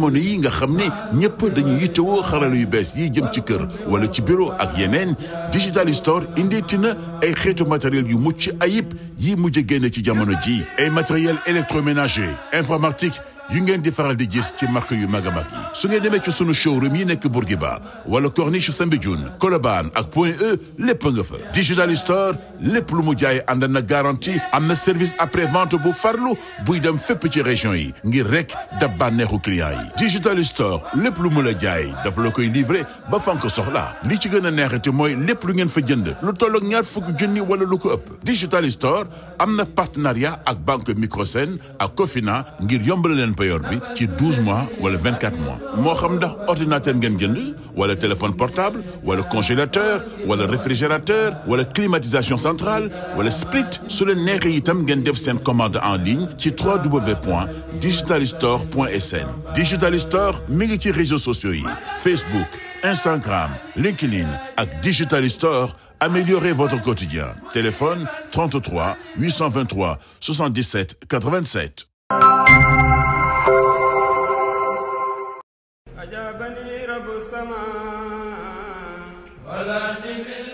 jamono yi nga xam ne ñëpp dañuy yittewoo xarala yu bees yi jëm ci kër wala ci bureau ak yeneen digital store indeeti na ay xeetu matériel yu mucc ayib yi mujj génne ci jamono ji ay matériel électroménager informatique yu ngeen di faral di gis ci marque yu mag a mag yi su ngeen demee ci sunu showroom yi nekk Bourguiba wala Corniche Soumbédioune Colobane ak Point E lépp nga fa digital store lépp lu mu jaay ànd na garantie am na service après vente bu farlu buy dem fépp ci région yi ngir rek dab bànneexu client yi digital store lépp lu mu la jaay dafa la koy livrer ba fan ko soxla li ci gën a neexati mooy lépp lu ngeen fa jënd lu tolloog ñaar fukki junni wala lu ko ëpp digital am na partenariat ak banque Microsen ak Cofina ngir yombal leen payoor bi ci 12 mois wala 24 mois moo xam ndax ordinateur ngeen jënd wala téléphone portable wala congélateur wala réfrigérateur wala climatisation centrale wala split su leen neexee itam ngeen def seen commande en ligne ci www.digitalistore.sn Digitalistore mi ngi ci réseaux sociaux yi Facebook Instagram LinkedIn ak Digital Store améliorez votre quotidien téléphone 33 823 77 87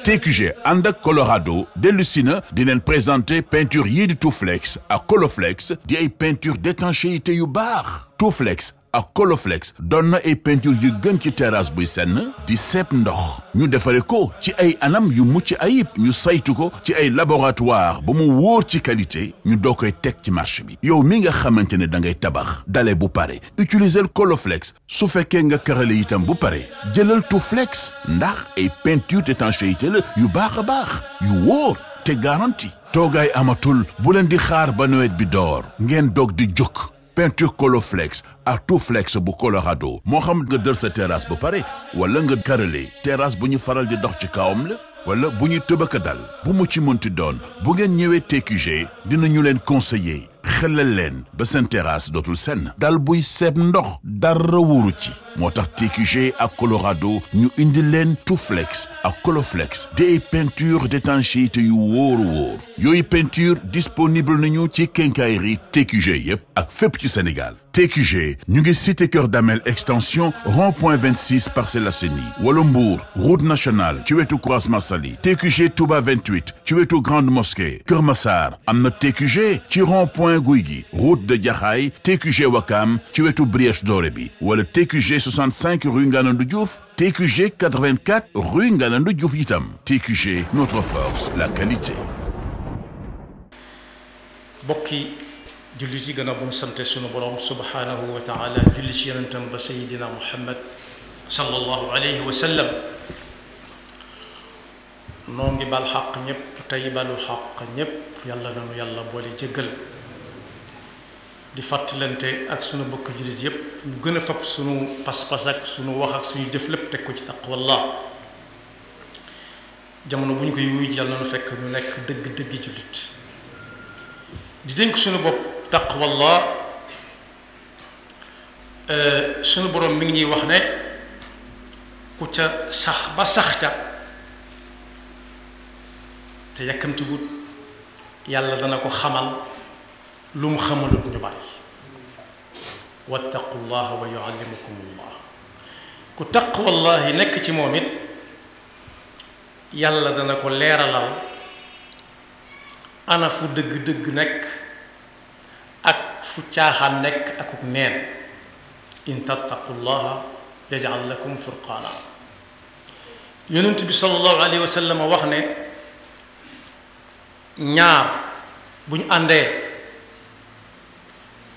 TQG ànd ak Colorado dellu si na di leen présenter peinture yii di Touflex ak Coloflex di ay peinture d'étanchéité yu baax Touflex ak Coloflex doon na ay peinture yu gën ci terrasse buy senn di seet ndox ñu defare ko ci ay anam yu mucc ayib ñu saytu ko ci ay laboratoire ba mu wóor ci qualité ñu doo koy teg ci marché bi yow mi nga xamante ne da ngay tabax dale bu pare utiliser Coloflex su fekkee nga karale itam bu pare jëlal Touflex ndax ay peinture d'étanchéité la yu baax a baax yu wóor te garanti toogaay amatul bu leen di xaar ba nawet bi door ngeen doog di jóg peinture Coloflex Artuflex bu Colorado moo xam nga dër sa terrasse bu pare wala nga karale terrasse bu ñu faral di dox ci kawam la wala bu ñu tëbaka dal bu mu ci mënti doon bu ngeen ñëwee TQG dina ñu leen conseiller xelal leen ba seen dootul senn dal buy seeb ndox dara wóoru ci moo tax TQG ak Colorado ñu indi leen Touflex ak Coloflex des peintures d'étanchéité yu wóor wóor yooyu peinture disponible nañu ci quincaillerie TQG yëpp ak fépp ci Sénégal TQG ñu ngi cité Keur Damel extension rond point 26 Parcelles Assainies wala Mbour route nationale ci wetu croisement Saly TQG Touba 28 ci wetu grande mosquée Keur Massar am na TQG ci rond point rond-point guy gi route de Jaxaay TQG Wakam ci wetu Brioche Dorée bi wala TQG 65 rue Nganandou Diouf TQG 84 rue Nganandou Diouf itam TQG notre force la qualité bokki julli ci gannaaw bu mu sante sunu borom subhaanahu wa taala julli ci yonentam ba sayidina muhammad sallallahu alayhi wa sallam noo ngi bal xaq ñépp tey balu xaq ñépp yàlla nanu yàlla boole jëggal di fàttalante ak sunu bokk jullit yépp mu gën a fab sunu pas-pas ak sunu wax ak suñu jëf lépp teg ko ci taqwallah jamono bu ñu koy wuy yàlla na nu fekk nu nekk dëgg dëggi jullit di dénk sunu bopp taqwallah eh, sunu borom mi ngi ñuy wax ne ku ca sax ba sax ca te yàkkamtiwut yàlla dana ko xamal lu mu xamalut ñu bari wattaqullaha wa yuallimukumullah ku taqwallahi nekk ci moom it yàlla dana ko leeralal ana fu dëgg-dëgg nekk ak fu caaxaan nekk akuk neen in tattaqullaha yajal lakum furqaana yonent bi sallallahu alayhi wa wax ne ñaar bu ñu àndee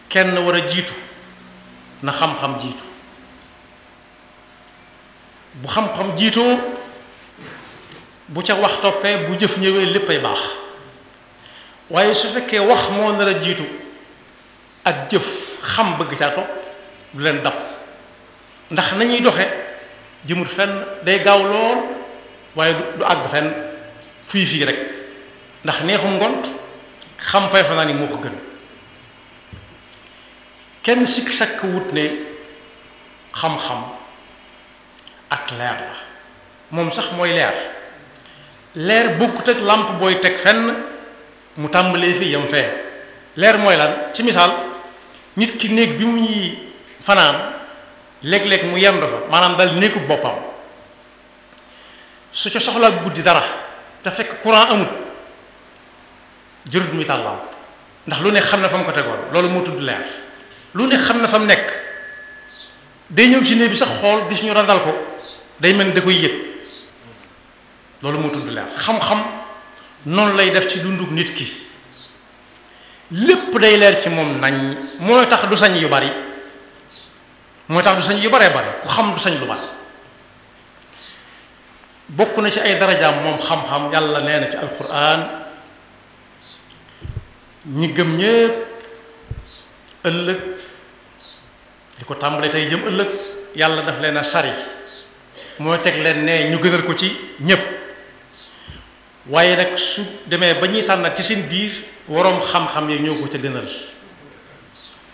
kenn war a jiitu na xam-xam jiitu bu xam-xam jiitoo bu ca wax toppee bu jëf ñëwee léppay baax waaye su fekkee wax moo nar jiitu ak jëf xam bëgg caa topp du leen dab ndax nañuy doxe jëmut fenn day gaaw lool waaye du àgg fenn fii fii rek ndax neexum ngont xam fay fanaan yi moo ko gën kenn sikk sakk wut ne xam-xam ak leer la moom sax mooy leer leer bokkut ak làmp booy teg fenn mu tàmbalee fi yam fee leer mooy lan ci misaal nit ki néeg bi mu ñuy fanaan léeg-léeg mu yendu fa maanaam dal néegu boppam su ca soxlaa guddi dara te fekk courant amut jërut muy taal ndax lu ne xam ne fa mu ko tegoon loolu moo tudd leer lu ne xam na fa mu nekk day ñëw ci néeg bi sax xool gis ñu randal ko day mel da koy yëg loolu moo tudd leer xam-xam noonu lay def ci dundug nit ki lépp day leer ci moom nañ mooy tax du sañ yu bari mooy tax du sañ yu baree bari ku xam du sañ lu bari bokk na ci ay darajaam moom xam-xam yàlla nee na ci alquran ñi gëm ñépp ëllëg ko tàmbale tey jëm ëllëg yàlla daf leen a sari moo teg leen ne ñu gënal ko ci ñépp waaye nag su demee ba ñuy tànnaat ci seen biir waroom xam-xam yi ñoo ko ca gënal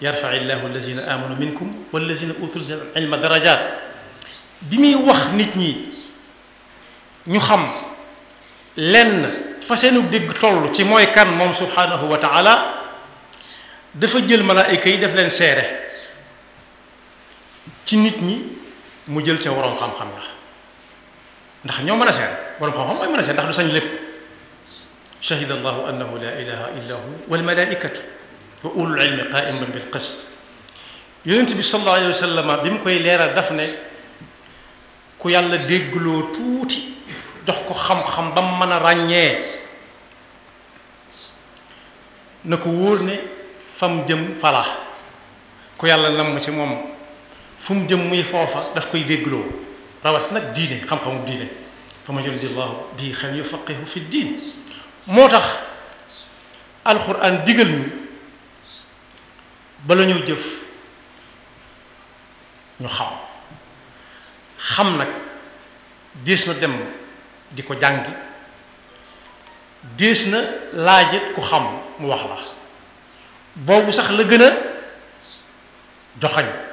yarfaci llahu allazina amanu minkum wallazina utul ilma darajat bi muy wax nit ñi ñu xam lenn fa seenu dégg toll ci mooy kan moom subhanahu wa taala dafa jël malaayka yi def leen seere ci nit ñi mu jël ca waroom xam-xam ya ndax ñoo mën a seet waroom xam-xam mooy mën a seet ndax du sañ lépp shahida allahu annahu la ilaha illa hu wal malaikatu wa ulul ilmi qaiman bil qist yonent bi sallallahu alayhi bi mu koy leeral daf ne ku yàlla déggloo tuuti jox ko xam-xam ba mu mën a ràññee na ko wóor ne fam jëm fala ku yàlla namm ci moom fu mu jëm muy foofa daf koy déggloo rawat nag diine xam-xamu diine fa man yuridillahu bii xel yufaqihu fi diin moo tax alxuraan digal ñu bala ñoo jëf ñu xam xam nag diis na dem di ko jàngi diis na laajit ku xam mu wax la boobu sax la gën a joxañ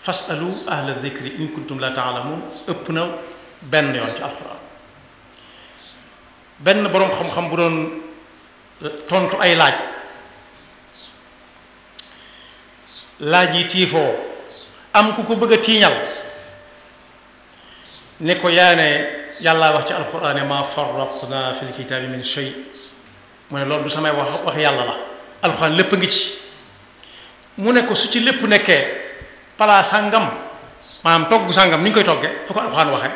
fasalu ahla dhikri in kuntum la taalamun ëpp na benn yoon ci alxuraan benn boroom xam-xam bu doon euh, tontu ay laaj laaj yi tiifoo am ku ko bëgg a tiiñal ne ko yaa ne yàllaa wax ci alxuraan ne maa farratna fil kitaabi min shay mu ne loolu du samay wax wax yàlla la alxuraan lépp ngi ci mu ne ko su ci lépp nekkee palaa sàngam maanaam togg sàngam ni ñu koy togge fu ko alxuraan waxe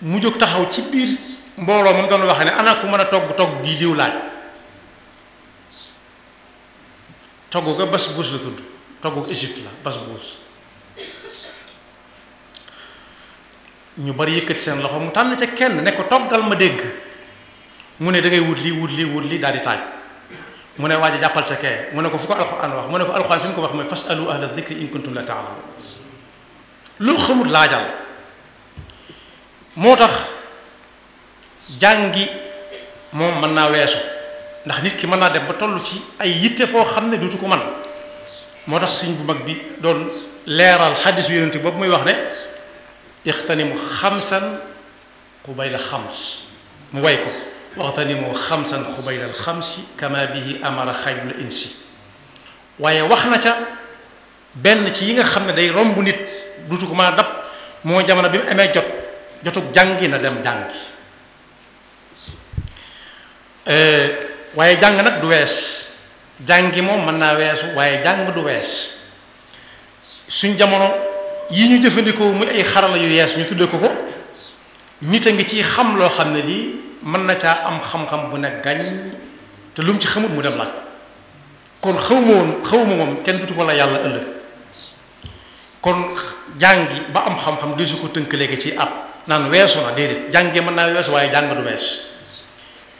mu jóg taxaw ci biir mbooloo moom doon waxe ne na ku mën a togg togg gii diw laaj togg ga bas buus la tudd togg ga Égypte la bas buus ñu bari yëkkati seen loxo mu tànn ca kenn ne ko toggal ma dégg mu ne dangay wut lii wut lii wut lii daal di taaj mu ne waaj a jàppal sa kee mu ne ko fu ko alxuraan wax mu ne ko alxuraan fi mu ko wax mooy fasalu ahla dikri in kuntum la taalamun lu xamul laajal moo tax jàngi moom mën naa weesu ndax nit ki mën naa dem ba tollu ci ay yitte foo xam ne dutu ko man moo tax sëñ bu mag bi doon leeral xaddis yonent bi boobu muy wax ne ixtanimu xamsan qubayla xams mu way ko moo waxtanimu xamsan xubaylal xamsi kama bihi amara xayrul insi waaye wax na ca benn ci yi nga xam ne day romb nit dutu ko maa dab moo jamono bi mu amee jot jotug jàngi na dem jàngi euh, waaye jàng nag du wees jàngi moom mën naa weesu waaye jàng du wees suñ jamono yi ñu jëfandikoo muy ay xarala yu yees ñu tudde ko ko nit a ngi ciy xam loo xam ne lii mën na caa am xam-xam bu ne gañ te lu mu ci xamut mu dem nag ko kon xaw ma woon xaw ma moom kenn dutu wala yàlla ëllëg kon jàngi ba am xam-xam di ko tënk léegi ci at naan weesu na déedéet jàngee mën naa weesu waaye jàng du wees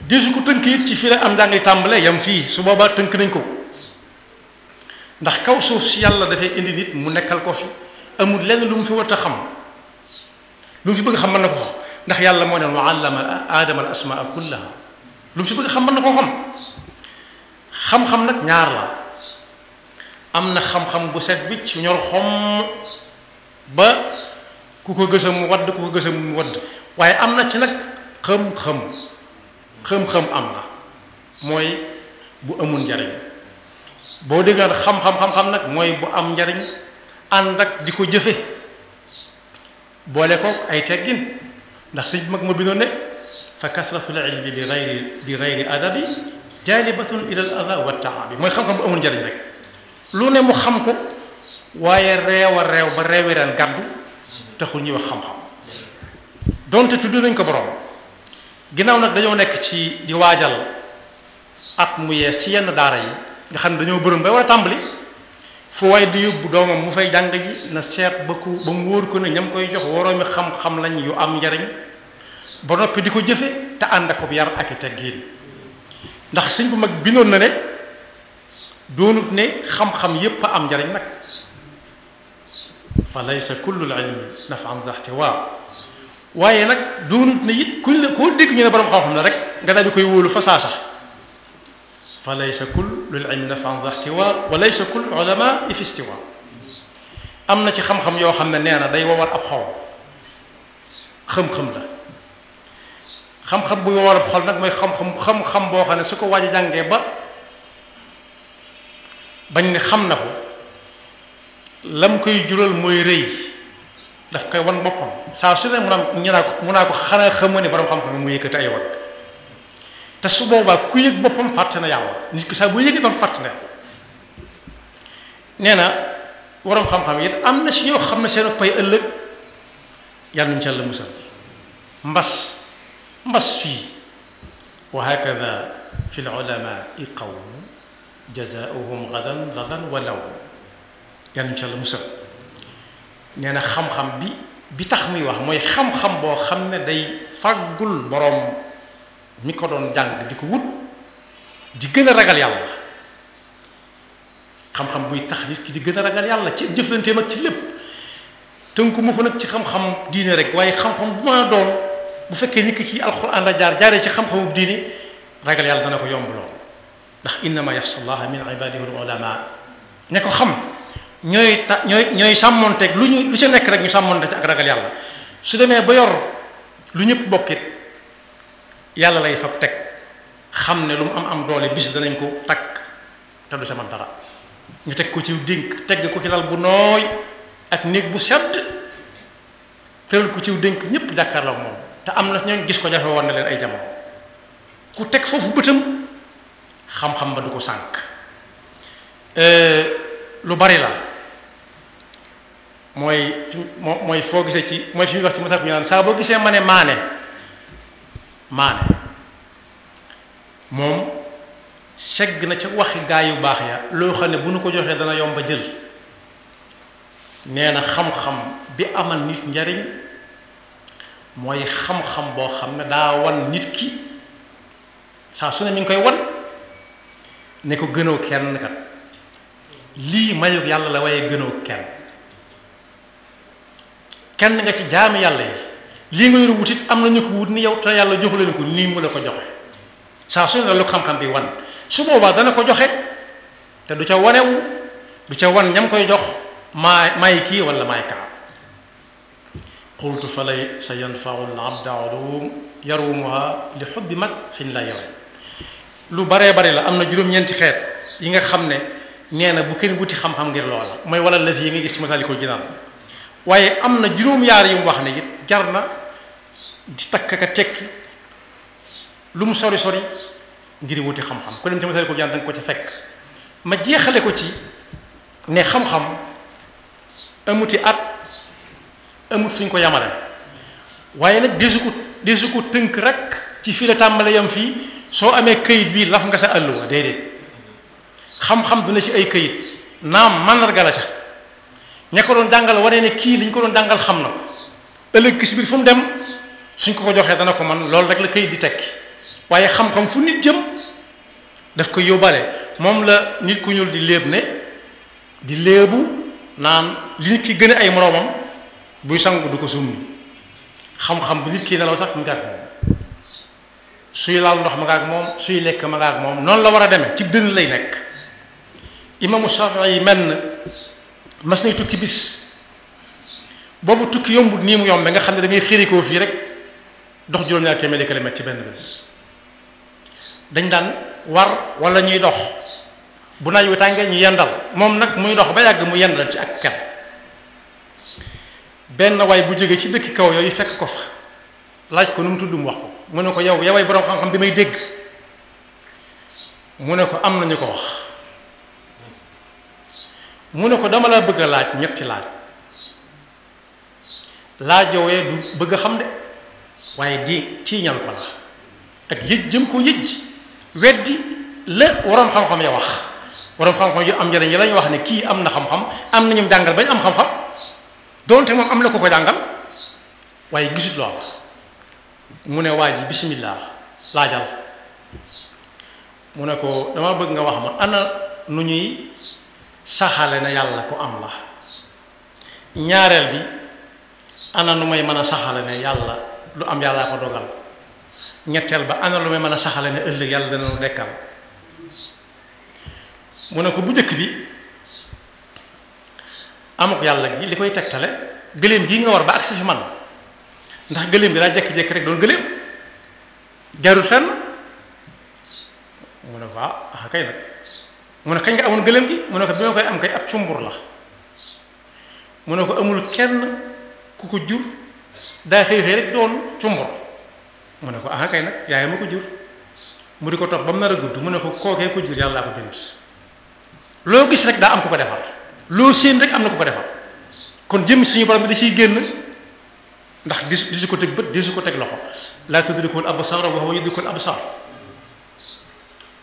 di su ko tënk it ci fii la am jàng tàmbalee yam fii su boobaa tënk nañ ko ndax kaw suuf si yàlla dafay indi nit mu nekkal ko fi amul lenn lu mu fi war xam lu mu fi bëgg xam mën na ko xam ndax yàlla moo neen wa allama aadama al asmaa kullaha lu mu si bëgg xam mën na koo xam xam-xam nag ñaar la am na xam-xam bu set bi ci ñor ba ku ko gësam mu wadd ku ko gësam mu wadd waaye am na ci nag xam-xam xam-xam am na mooy bu amul njariñ boo déggaan xam-xam xam-xam nag bu am njariñ ànd ak di ko jëfe boole ko ay teggin ndax sëñ bi mag moo bindoon ne fa kasratul ilmi bi gayri bi gayri adabi jalibatun ila al ada wa taabi mooy xam-xam bu amul njëriñ rek lu ne mu xam ko waaye reew a reew ba reewireen gàddu taxul ñuy wax xam-xam donte tudd nañ ko boroom ginnaaw nag dañoo nekk ci di waajal at mu yees ci yenn daara yi nga xam ne dañoo bëroon bay war a tàmbali fu waay di yóbbu doomam mu fay jàng ji na seet ba ku ba mu wóor ko ne ñam koy jox woroomi xam-xam lañ yu am njariñ ba noppi di ko jëfe te ànd ak yar ak i teggiin ndax sëñ bu mag bindoon na ne doonut ne xam-xam yépp am njariñ nag fa laysa kullul ilmi nafan zaxti waaw waaye nag doonut ne it kuñ la koo dégg ñu ne borom xam-xam la rek nga daal di koy wóolu fa saa sax fa laysa kullu l def nafan za ihtiwaa wa laysa kullu l-ulamaa fi istiwaa am na ci xam-xam yoo xam ne nee na day wowal ab xol xam-xam la xam-xam bu wowal ab xol nag mooy xam-xam xam boo xam ne su ko waaj a jàngee ba bañ ne xam na ko lam koy jural mooy rëy daf koy wan boppam saa su ne mun a ñu naa ko mun naa ko xanaa xamu ne borom xam-xam mu yëkkati ay wag te su boobaa ku yëg boppam fàtte na yàlla nit ki saa boo yëgee boppam fàtte na nee na waroom xam-xam it am na si ñoo xam ne seen pay ëllëg yàlla nañu ci yàlla musal mbas mbas fii wa hakada fi lulamai qaw jazaohum gadan gadan walaw yàlla nañu ci bi bi muy wax mooy xam-xam boo xam ne day fàggul boroom mi ko doon jàng di ko wut di gën a ragal yàlla xam-xam buy tax nit ki di gën a ragal yàlla ci jëflanteem ak ci lépp tënku ma ko nag ci xam-xam diine rek waaye xam-xam bu ma doon bu fekkee nit ki ci alxuraan la jaar jaaree ci xam-xamu diine ragal yàlla dana ko yomb lool ndax ma yaxsha llaha min ibadihi al ulama ña ko xam ñooy ta ñooy ñooy sàmmonteeg lu ñu lu ci nekk rek ñu sàmmonte ak ragal yàlla su demee ba yor lu ñëpp bokkit yàlla lay fab teg xam ne lu mu am am doole bis danañ ko takk te du sama dara ñu teg ko ci dénk teg ko ci dal bu nooy ak néeg bu sedd teral ko ciw dénk ñëpp jàkkaarloo moom te am na ñooñ gis ko jafe woon na leen ay jamono ku teg foofu bëtam xam-xam ba du ko sànk euh, lu bari la mooy fi mooy foo gisee ci mooy fi muy wax ci masak ñu naan saa boo gisee ma ne maane maane moom segg na ca waxi gaa yu baax ya loo xam ne bu nu ko joxee dana yomba jël nee na xam-xam bi amal nit njariñ mooy xam-xam boo xam ne daa wan nit ki saa su ne mi ngi koy wan ne ko gënoo kenn kat lii mayug yàlla la waaye gënoo kenn kenn nga ci jaami yàlla yi lii nga yor wut am na ñu ko wut ni yow te yàlla joxu leen ko nii mu la ko joxe saa su ne la ko xam-xam bi wan su boobaa dana ko joxe te du ca wanewu du ca wan ñam koy jox maa maay kii wala maay kaa sa yanfau l abda ulum yarumuha li xubbi mag la yow lu baree bari la am na juróom-ñeenti xeet yi nga xam ne nee na bu kenn wuti xam-xam ngir loola mooy wala la si yi nga gis ci masaalikul jinaan waaye am na juróom-yaar yi mu wax ne it jar na di takk ka tekki lu mu sori sori ngir wuti xam-xam ku dem ci masal ko jaan da ko ca fekk ma jeexale ko ci ne xam-xam amuti at amut suñ ko yamale waaye nag desu ko desu ko tënk rek ci fii la tàmbale yam fii soo amee kayit bii laf nga sa àlluwa déedéet xam-xam du ne ci ay kayit naam màndarga la ca ña ko doon jàngal waree ne kii liñ ko doon jàngal xam na ko ëllëg si biir fu dem suñ ko ko joxee dana ko man loolu rek la kayit di tekki waaye xam-xam fu nit jëm daf ko yóbbale moom la nit ku ñuul di léeb ne di léebu naan li nit ki gën ay moroomam buy sangu du ko summi xam-xam bu nit ki nelaw sax mu nga ak moom suy laal ndox ma nga ak moom suy lekk ma nga ak moom noonu la war a demee ci dënn lay nekk imaamu Shafii yi mel na mas tukki bis boobu tukki yombut nii mu yombe nga xam ne da ngay xërikoo fii rek dox juróom-ñaari téeméeri kilomètre ci benn bés dañ daan war wala ñuy dox bu naaj wi tàngee ñu yendal moom nag muy dox ba yàgg mu yendal ci ak ker benn waay bu jógee ci dëkk kaw yooyu fekk ko fa laaj ko nu mu tudd mu wax ko mu ne ko yow yaway boroom xam-xam bi may dégg mu ne ko am nañu ko wax mu ne ko dama la bëgg a laaj ñetti laaj laaj yowee du bëgg a xam de waaye di tiiñal ko la ak yëj jëm ko yëj weddi la waroom xam-xam ya wax waroom xam-xam yu am njëriñ yi lañu wax ne kii am na xam-xam am na jàngal bañ am xam-xam moom am na ko ko jàngal waaye gisut loola mu ne waa ji bisimilah laajal mu ne ko dama bëgg nga wax ma ana nu ñuy saxale na yàlla ko am la ñaareel bi ana nu may mën a saxale ne yàlla lu am yàllaa ko dogal ñetteel ba ana lu may mën a saxale ne ëllëg yàlla dana nu dekkal mu ne ko bu jëkk bi amuk yàlla gi li koy tegtale gëléem gii nga war ba agsi fi man ndax gëléem bi daa jekki-jekki rek doon gëléem jarul fenn mu ne ko ah, ah kay nag mu ne kañ nga amoon gëléem gi mun ne ko bi ma koy am kay ab cumbur la mu ne ko amul kenn ku ko jur daa xëy xëy rek doon cumbur mu ne ko ah kay nag yaay ma ko jur mu di ko topp ba mu nar a gudd mu ne ko kookee ko jur laa ko bind loo gis rek daa am ko ko defal loo séen rek am na ku ko defal kon jëm suñu borom bi da siy génn ndax di di su ko teg bët di su ko teg loxo laa tudrikul absaar wa huwa yudrikul absaar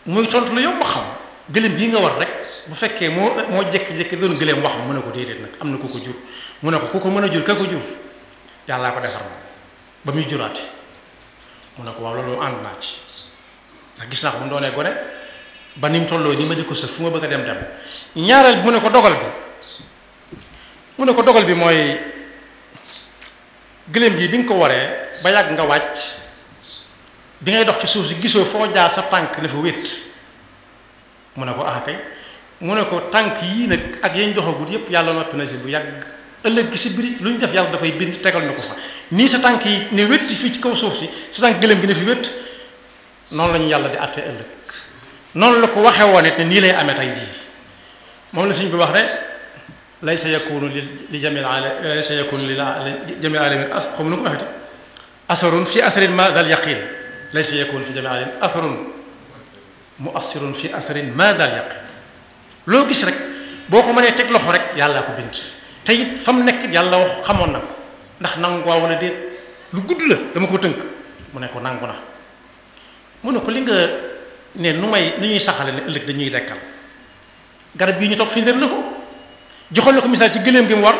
muy tontu lu yow xam gëléem bii nga war rek bu fekkee moo moo jékki-jékki doon gëléem wax mu ne ko déedéet nag am na ko ko jur mu ne ko ko mën a jur ka ko jur. yàllaa ko defar moom ba muy juraate mu ne ko waaw loolu moom ànd naa ci ndax gis naa ko mu doonee gone ba ni mu tolloo nii ma di ko sëf fu ma bëgg a dem dem ñaareel mu ne ko dogal bi mu ne ko dogal bi mooy gëléem gi bi nga ko waree ba yàgg nga wàcc bi ngay dox ci suuf si gisoo foo jaar sa tànk dafa wét mu ne ko ah kay mu ne ko tànk yii nag ak yañ joxagut yépp yàlla noppi na si bu yàgg ëllëg si biir lu ñu def yàlla da koy bind tegal ñu ko sax nii sa tànk yi ne wétti fii ci kaw suuf si sa tànk gëlëm gi ne fi wétt noonu la yàlla di àtte ëllëg noonu la ko waxee woon ne nii lay amee tey jii moom la suñ bi wax ne laysa yakunu li jamil ala laysa yakunu li jamil alamin as asarun fi asarin ma dal yaqin laysa yakunu fi jamil alamin asarun muassirun fi asarin ma dal loo gis rek boo ko mënee teg loxo rek yàllaa ko bind tey it fa mu nekk yàlla wax xamoon na ko ndax nangu waa wala déet lu gudd la dama ko tënk mu ne ko nangu na mu ne ko li nga ne nu may nu ñuy saxale ne ëllëg dañuy dekkal garab gii ñu toog firndeel na ko joxoon na ko misaal ci gëléem gi mu war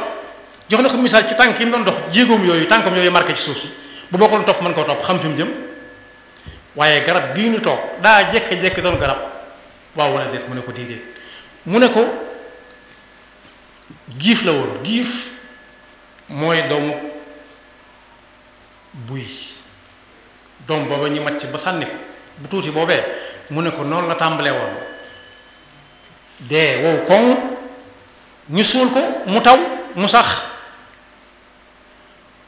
jox na ko misaal ci tànk yi mu doon dox jéegoom yooyu tànkam yooyu marqué ci suuf si bu boo ko doon topp mën koo topp xam fi mu jëm waaye garab gii ñu toog daa jékki-jékki doon garab waaw wala déet mu ne ko déedéet giif la woon giif mooy doomu buy doom booba ñu màcc ba sànni ko bu tuuti boobee mu ne ko noonu la tàmbalee woon dee wow koŋ ñu suul ko mu taw mu sax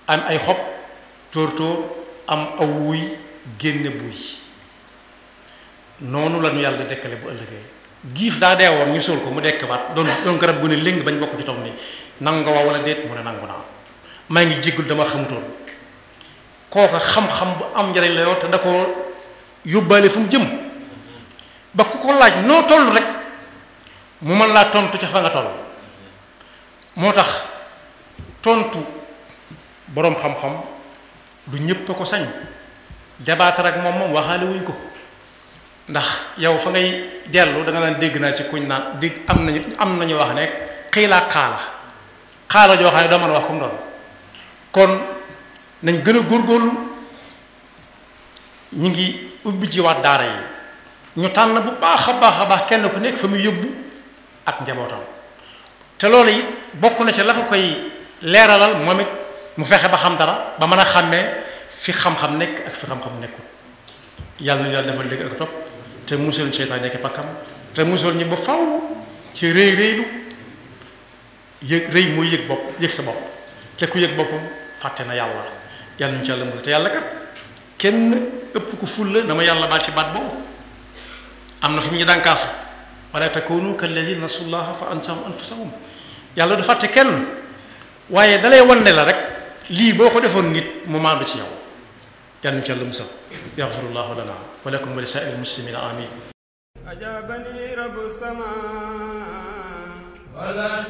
am ay xob tóor tóor am aw wuy génne buy noonu lañu yàlla dekkale bu ëllëgee giif daa dee woon ñu suul ko mu dekk baat doon doon garab gu ne léng bañ bokk ci toog nii nangu nga waa wala déet mu ne nangu naa maa ngi jéggul dama xamutoon kooka xam-xam bu am njariñ la yoo te da ko yóbbaale fu mu jëm ba ku ko laaj noo toll rek mu mën laa tontu ca fa nga toll moo tax tontu boroom xam-xam du ñépp a ko sañ jabaatar ak moom moom waxaale wuñ ko ndax yow fa ngay dellu da nga naan dégg naa ci kuñ naan dégg am nañu am nañu wax ne xiilaa xaala xaala joo xam ne doo mën a wax comme doon kon nañ gën a góor góorlu ñu ngi ubbi ci waat daara yi ñu tànn bu baax a baax a baax kenn ku nekk fa muy yóbbu ak njabootam te loolu it bokk na ci la ko koy leeralal moom it mu fexe ba xam dara ba mën a xàmmee fi xam-xam nekk ak fi xam-xam nekkul yàlla na yàlla defal léegi ak topp te musal seytaan nekk pakkam te musal ñu ba faw ci réy réylu yëg réy mooy yëg bopp yëg sa bopp te ku yëg boppam fàtte na yàlla yàlla ñu ci yàlla musal te yàlla kat kenn ëpp ku fulla dama yàlla baal ci baat boobu am na fu mu ñu dànkaafu wala takunu kalladina nasullaha fa ansahum anfusahum yàlla du fàtte kenn waaye dalay wan ne rek lii boo ko defoon nit mu maandu ci yow yàlla ñu ci yàlla musal يغفر الله لنا ولكم ولسائر المسلمين آمين أجابني رب السماء ولا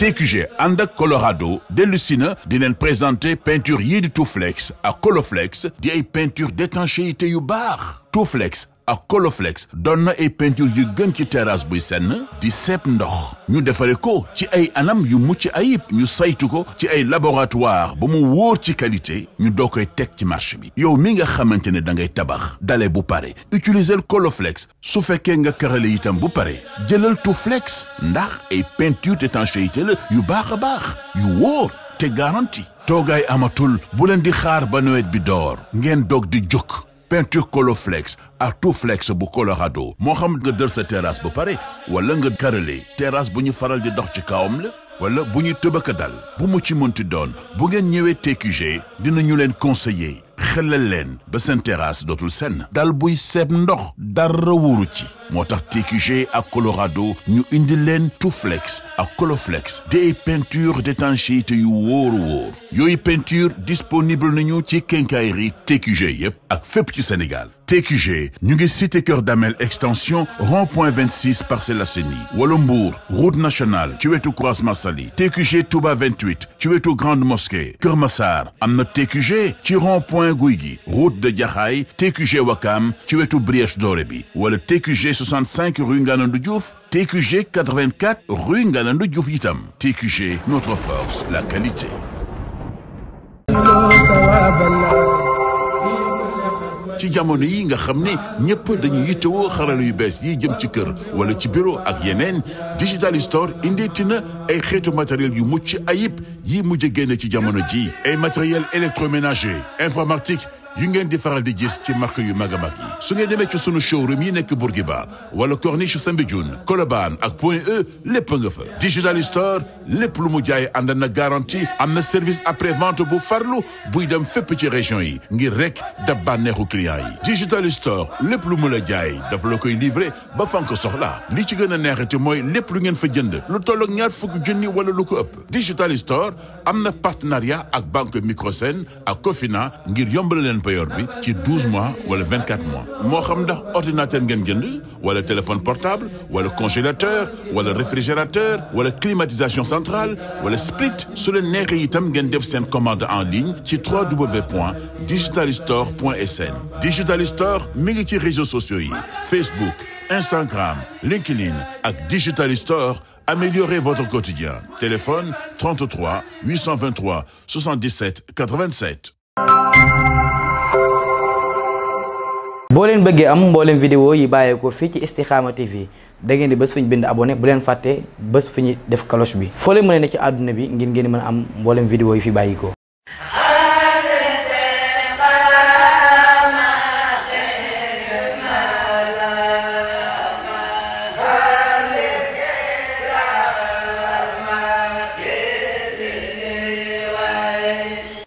TQG ànd ak Colorado dellu si na di leen présenter peinture yii di Touflex ak Coloflex di ay peinture d'étanchéité yu baax Touflex ak Coloflex doon na ay peinture yu gën ci terrasse buy senn di seep ndox ñu defaree ko ci ay anam yu mucc ayib ñu saytu ko ci ay laboratoire ba mu wóor ci qualité ñu doo koy teg ci marché bi yow mi nga xamante ne da ngay tabax dale bu pare utiliser Coloflex su fekkee nga karale itam bu pare jëlal Touflex ndax ay peinture d'étanchéité la yu baax a baax yu wóor te garanti toogaay amatul bu leen di xaar ba nawet bi door ngeen dog di jóg peinture Coloflex Artuflex bu Colorado moo xam nga dër sa terrasse bu pare wala nga karale terrasse bu ñu faral di dox ci kawam la wala bu ñu tëbaka dal bu mu ci mënti doon bu ngeen ñëwee TQG dina dinañu leen conseiller xelal leen ba seen dootul senn dal buy seeb ndox dara wóoru ci moo tax TQG ak Colorado ñu indi leen Touflex ak Coloflex de peintures d'étanchéité yu wóor wóor yooyu peinture disponible nañu ci quincaillerie TQG yépp ak fépp ci Sénégal TQG ñu ngi cité Kër Damel extension rond point 26 Parcelles Assainies wala Mbour route nationale ci wetu croisement Saly TQG Touba 28 ci wetu grande mosquée Kër Massar am na TQG ci rond point Guy gi route de Jaxaay TQG Wakam ci wetu Brioche Dorée bi wala TQG 65 rue Nganandou Diouf TQG 84 rue Nganandou Diouf itam TQG notre force la qualité ci jamono yi nga xam ne ñëpp dañuy yittewoo xarala yu bees yi jëm ci kër wala ci bureau ak yeneen digital store indeeti na ay xeetu matériel yu mucc ayib yi mujj génne ci jamono ji ay matériel électroménager informatique yu ngeen di faral di gis ci marque yu mag a mag yi su ngeen demee ci sunu showroom yi nekk Bourguiba wala Corniche Soumbédioune Colobane ak Point E lépp nga fa digital store lépp lu mu jaay ànd na garantie am na service après vente bu farlu buy dem fépp ci région yi ngir rek da bànneexu client yi digital store lépp lu mu la jaay dafa la koy livré ba fan soxla li ci gën a neex neexati mooy lépp lu ngeen fa jënd lu tolloog ñaar fukki junni wala lu ko ëpp digital am na partenariat ak banque Microsen ak Cofina ngir yombal leen seen bi ci 12 mois wala 24 mois moo xam ndax ordinateur ngeen jënd wala téléphone portable wala congélateur wala réfrigérateur wala climatisation centrale wala split su leen neexee itam ngeen def seen commande en ligne ci www.digitalistore.sn Digital Store mi ngi ci réseaux sociaux yi Facebook Instagram LinkedIn ak Digital Store Améliorez votre quotidien. Téléphone 33 823 77 87. boo leen bëggee am mbooleem vidéo yi bàyyeekoo fii ci Istikhama TV da ngeen di bés fu ñu bind abonné bu leen fàtte bés fu ñu def cloche bi foo leen mën a ne ci àdduna bi ngir ngeen mën a am mbooleem vidéo yi fi bàyyikoo